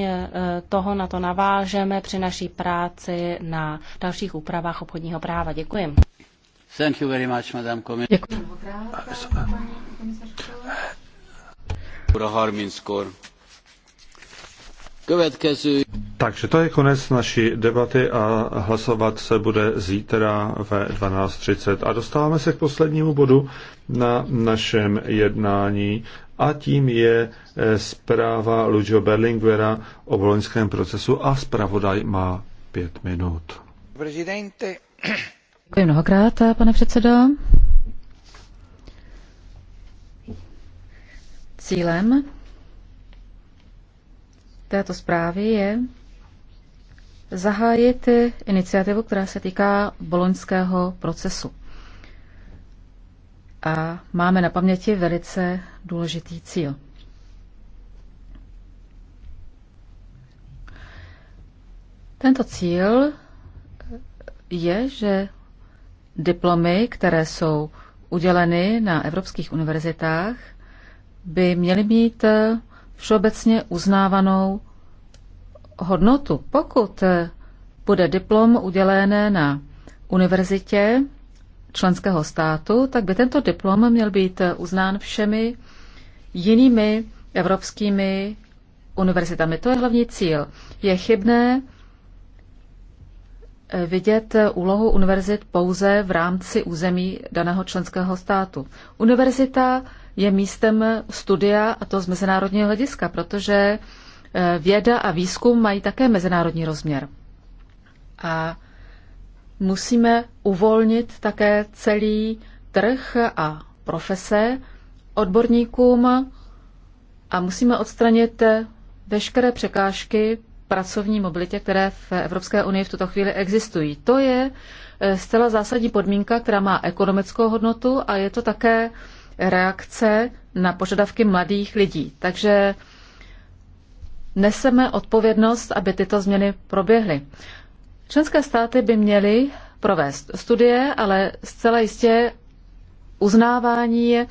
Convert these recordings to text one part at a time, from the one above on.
kromě eh, toho na to navážeme při naší práci na dalších úpravách obchodního práva. Děkuji. Thank you very much, madam Děkuji. Ura 30-kor. Következő. Takže to je konec naší debaty a hlasovat se bude zítra ve 12.30. A dostáváme se k poslednímu bodu na našem jednání a tím je eh, zpráva Lucio Berlinguera o boloňském procesu a zpravodaj má pět minut. Prezidente. Děkuji mnohokrát, pane předsedo. Cílem této zprávy je zahájit iniciativu, která se týká boloňského procesu. A máme na paměti velice důležitý cíl. Tento cíl je, že diplomy, které jsou uděleny na evropských univerzitách, by měly mít všeobecně uznávanou hodnotu. Pokud eh, bude diplom udělené na univerzitě členského státu, tak by tento diplom měl být eh, uznán všemi jinými evropskými univerzitami. To je hlavní cíl. Je chybné eh, vidět úlohu univerzit pouze v rámci území daného členského státu. Univerzita je místem studia a to z mezinárodního hlediska, protože Eh, věda a výzkum mají také mezinárodní rozměr. A musíme uvolnit také celý trh a profese odborníkům a musíme odstranit veškeré překážky pracovní mobilitě, které v Evropské unii v tuto chvíli existují. To je eh, zcela zásadní podmínka, která má ekonomickou hodnotu a je to také reakce na požadavky mladých lidí. Takže neseme odpovědnost, aby tyto změny proběhly. Členské státy by měly provést studie, ale zcela jistě uznávání eh,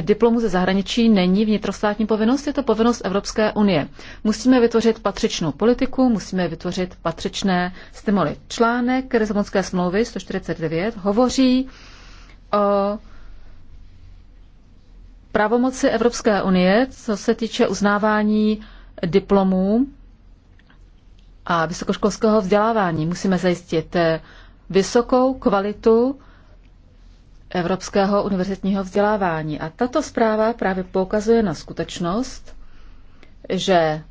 diplomu ze zahraničí není vnitrostátní povinnost, je to povinnost Evropské unie. Musíme vytvořit patřičnou politiku, musíme vytvořit patřičné stimuly. Článek Lisabonské smlouvy 149 hovoří o pravomoci Evropské unie, co se týče uznávání diplomů a vysokoškolského vzdělávání. Musíme zajistit eh, vysokou kvalitu evropského univerzitního vzdělávání. A tato zpráva právě poukazuje na skutečnost, že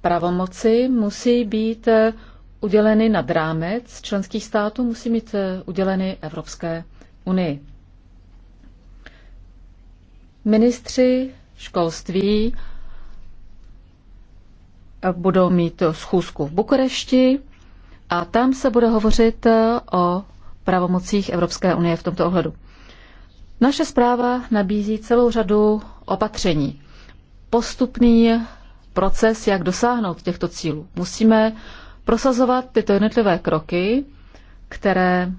pravomoci musí být eh, uděleny nad rámec členských států, musí být eh, uděleny Evropské unii. Ministři školství budou mít schůzku v Bukurešti a tam se bude hovořit eh, o pravomocích Evropské unie v tomto ohledu. Naše zpráva nabízí celou řadu opatření. Postupný proces, jak dosáhnout těchto cílů. Musíme prosazovat tyto jednotlivé kroky, které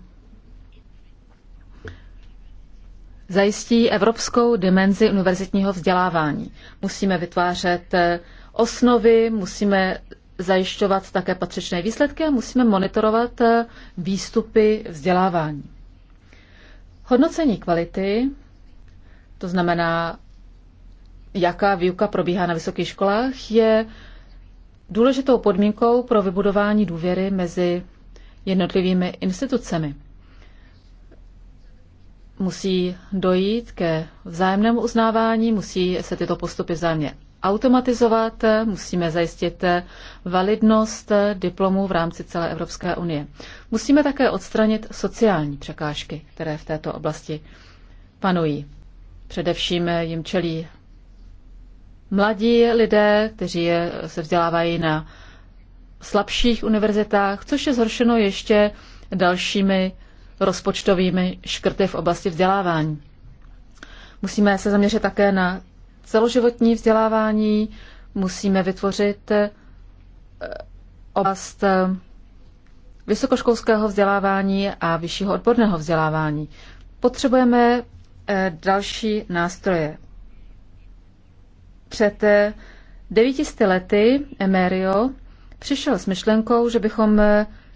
zajistí evropskou dimenzi univerzitního vzdělávání. Musíme vytvářet eh, osnovy, musíme zajišťovat také patřičné výsledky a musíme monitorovat eh, výstupy vzdělávání. Hodnocení kvality, to znamená, jaká výuka probíhá na vysokých školách, je důležitou podmínkou pro vybudování důvěry mezi jednotlivými institucemi. Musí dojít ke vzájemnému uznávání, musí se tyto postupy vzájemně automatizovat, musíme zajistit validnost diplomů v rámci celé Evropské unie. Musíme také odstranit sociální překážky, které v této oblasti panují. Především jim čelí mladí lidé, kteří se vzdělávají na slabších univerzitách, což je zhoršeno ještě dalšími rozpočtovými škrty v oblasti vzdělávání. Musíme se zaměřit také na celoživotní vzdělávání, musíme vytvořit eh, oblast eh, vysokoškolského vzdělávání a vyššího odborného vzdělávání. Potřebujeme eh, další nástroje. Před 900 lety Emerio přišel s myšlenkou, že bychom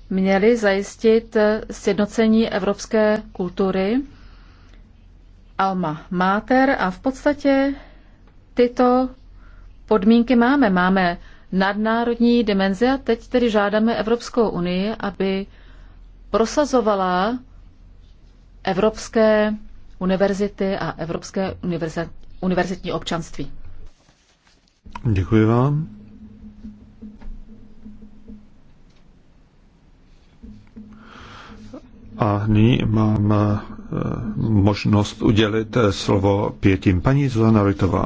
měli zajistit sjednocení evropské kultury Alma Mater a v podstatě tyto podmínky máme. Máme nadnárodní dimenze a teď tedy žádáme Evropskou unii, aby prosazovala evropské univerzity a evropské univerzit, univerzitní občanství. Děkuji vám. A nyní mám eh, možnost udělit eh, slovo pětím. Paní Zuzana Vitová.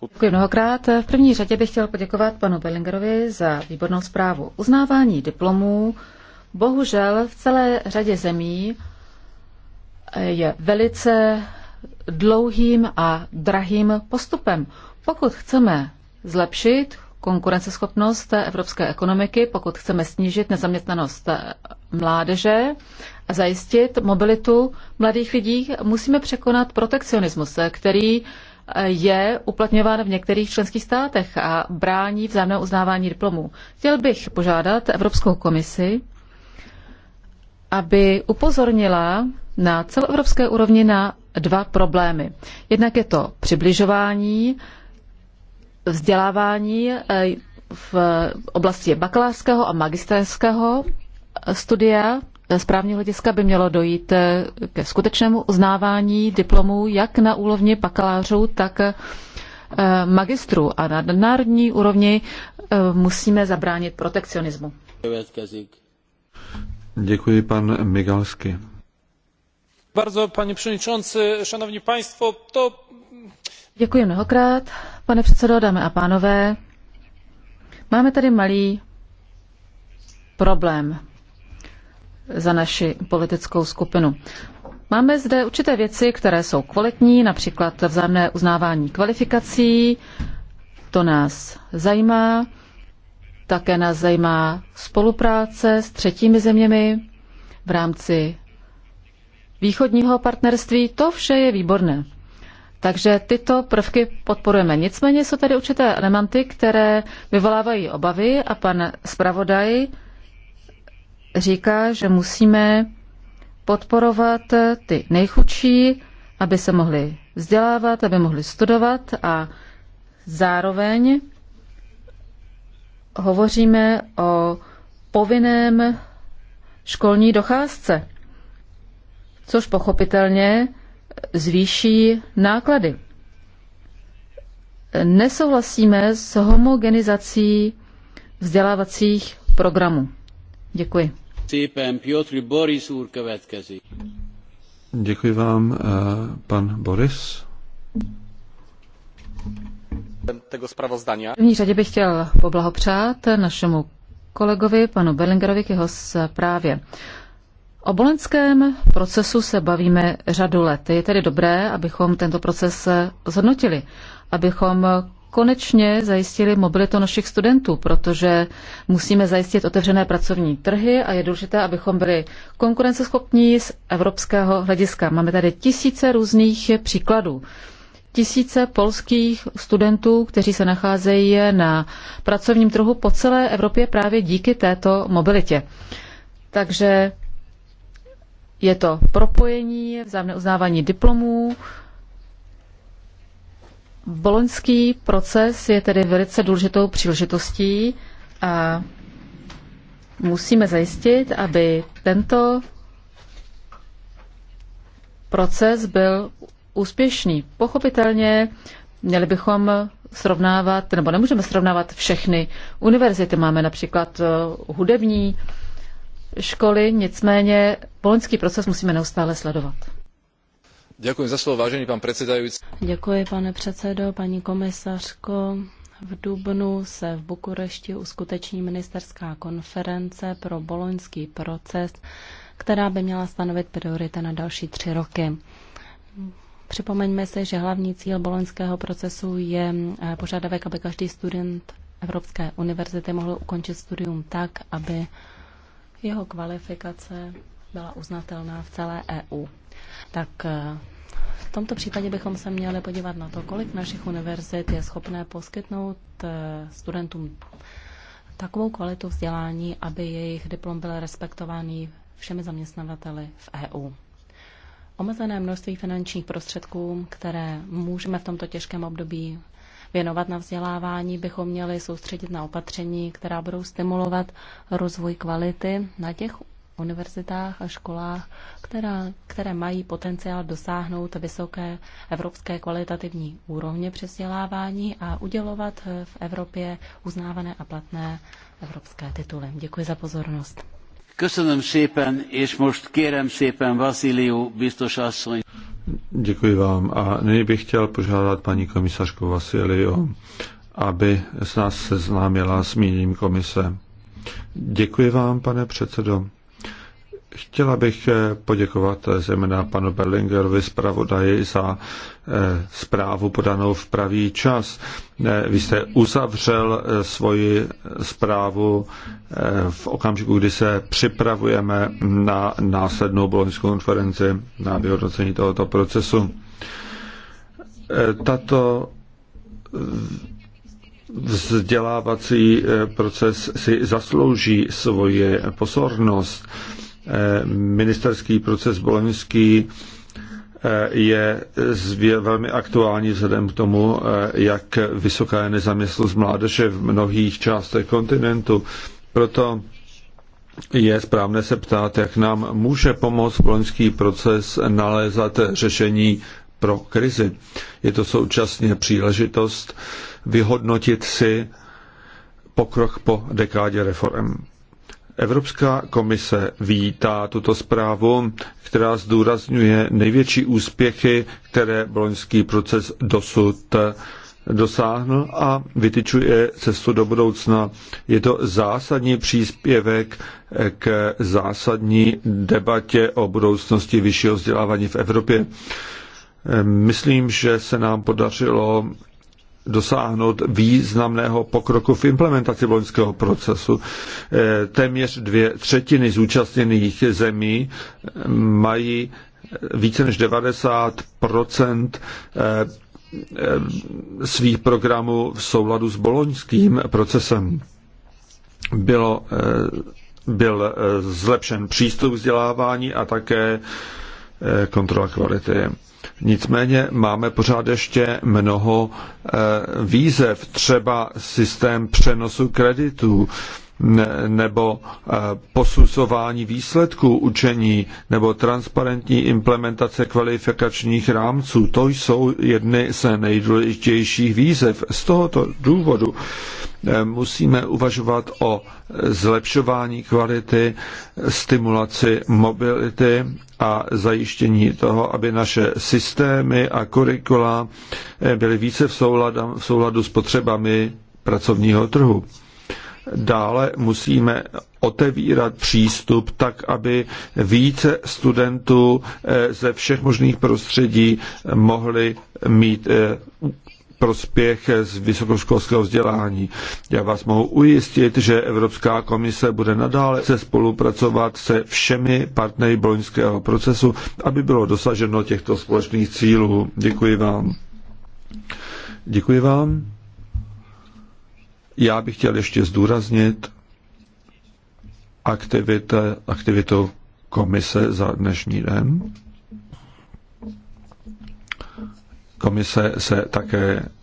Děkuji mnohokrát. V první řadě bych chtěl poděkovat panu Bellingerovi za výbornou zprávu. Uznávání diplomů bohužel v celé řadě zemí je velice dlouhým a drahým postupem. Pokud chceme zlepšit konkurenceschopnost evropské ekonomiky, pokud chceme snížit nezaměstnanost mládeže a zajistit mobilitu mladých lidí, musíme překonat protekcionismus, který je uplatňován v některých členských státech a brání vzájemné uznávání diplomů. Chtěl bych požádat Evropskou komisi, aby upozornila na celoevropské úrovni na dva problémy. Jednak je to přibližování, vzdělávání eh, v oblasti bakalářského a magisterského studia správního hlediska by mělo dojít eh, ke skutečnému uznávání diplomů jak na úrovni bakalářů, tak eh, magistru a na národní úrovni eh, musíme zabránit protekcionismu. Děkuji, pan Migalsky. Bardzo, panie przewodniczący, szanowni państwo, to... Děkuji mnohokrát, pane předsedo, dámy a pánové. Máme tady malý problém za naši politickou skupinu. Máme zde určité věci, které jsou kvalitní, například vzájemné uznávání kvalifikací. To nás zajímá. Také nás zajímá spolupráce s třetími zeměmi v rámci východního partnerství. To vše je výborné. Takže tyto prvky podporujeme. Nicméně jsou tady určité elementy, které vyvolávají obavy a pan zpravodaj říká, že musíme podporovat ty nejchudší, aby se mohli vzdělávat, aby mohli studovat a zároveň hovoříme o povinném školní docházce, což pochopitelně zvýší náklady. Nesouhlasíme s homogenizací vzdělávacích programů. Děkuji. Děkuji vám, eh, pan Boris. V první řadě bych chtěl poblahopřát našemu kolegovi, panu Berlingerovi, k jeho zprávě. O bolenském procesu se bavíme řadu let. Je tedy dobré, abychom tento proces zhodnotili, abychom konečně zajistili mobilitu našich studentů, protože musíme zajistit otevřené pracovní trhy a je důležité, abychom byli konkurenceschopní z evropského hlediska. Máme tady tisíce různých příkladů. Tisíce polských studentů, kteří se nacházejí na pracovním trhu po celé Evropě právě díky této mobilitě. Takže je to propojení, vzájemné uznávání diplomů, Boloňský proces je tedy velice důležitou příležitostí a musíme zajistit, aby tento proces byl úspěšný. Pochopitelně měli bychom srovnávat, nebo nemůžeme srovnávat všechny univerzity. Máme například eh, hudební školy, nicméně boloňský proces musíme neustále sledovat. Děkuji za slovo, vážený předsedající. Děkuji, pane předsedo, paní komisařko. V Dubnu se v Bukurešti uskuteční ministerská konference pro boloňský proces, která by měla stanovit priority na další tři roky. Připomeňme si, že hlavní cíl boloňského procesu je eh, požadavek, aby každý student Evropské univerzity mohl ukončit studium tak, aby jeho kvalifikace byla uznatelná v celé EU. Tak eh, v tomto případě bychom se měli podívat na to, kolik našich univerzit je schopné poskytnout eh, studentům takovou kvalitu vzdělání, aby jejich diplom byl respektovaný všemi zaměstnavateli v EU. Omezené množství finančních prostředků, které můžeme v tomto těžkém období věnovat na vzdělávání, bychom měli soustředit na opatření, která budou stimulovat rozvoj kvality na těch univerzitách a školách, která, které mají potenciál dosáhnout vysoké evropské kvalitativní úrovně při vzdělávání a udělovat v Evropě uznávané a platné evropské tituly. Děkuji za pozornost. Köszönöm szépen, és most kérem szépen Vasiliu biztos asszony. Děkuji vám. A nyní bych chtěl požádat paní komisařku Vasilio, aby s nás seznámila s míním komise. Děkuji vám, pane předsedo. Chtěla bych eh, poděkovat eh, zejména panu Berlingerovi zpravodaji za eh, zprávu podanou v pravý čas. Vy jste uzavřel svoji zprávu v okamžiku, kdy se připravujeme na následnou bolonskou konferenci na vyhodnocení tohoto procesu. Tato vzdělávací proces si zaslouží svoji pozornost ministerský proces boloňský eh, je velmi aktuální vzhledem k tomu, eh, jak vysoká je nezaměstnost mládeže v mnohých částech kontinentu. Proto je správné se ptát, jak nám může pomoct boloňský proces nalézat řešení pro krizi. Je to současně příležitost vyhodnotit si pokrok po dekádě reform. Evropská komise vítá tuto zprávu, která zdůrazňuje největší úspěchy, které boloňský proces dosud dosáhl a vytyčuje cestu do budoucna. Je to zásadní příspěvek k zásadní debatě o budoucnosti vyššího vzdělávání v Evropě. Myslím, že se nám podařilo dosáhnout významného pokroku v implementaci loňského procesu. Eh, téměř dvě třetiny zúčastněných zemí eh, mají eh, více než 90 svých programů v souladu s boloňským procesem. Bylo, byl zlepšen přístup vzdělávání a také Eh, kontrola kvality. Nicméně máme pořád ještě mnoho eh, výzev, třeba systém přenosu kreditů, nebo eh, posuzování výsledků učení nebo transparentní implementace kvalifikačních rámců. To jsou jedny z nejdůležitějších výzev. Z tohoto důvodu eh, musíme uvažovat o zlepšování kvality, stimulaci mobility a zajištění toho, aby naše systémy a kurikula eh, byly více v souladu, v souladu s potřebami pracovního trhu. Dále musíme otevírat přístup tak, aby více studentů eh, ze všech možných prostředí mohli mít eh, prospěch z vysokoškolského vzdělání. Já vás mohu ujistit, že Evropská komise bude nadále se spolupracovat se všemi partnery boloňského procesu, aby bylo dosaženo těchto společných cílů. Děkuji vám. Děkuji vám. Já bych chtěl ještě zdůraznit aktivita, aktivitu komise za dnešní den. Komise se také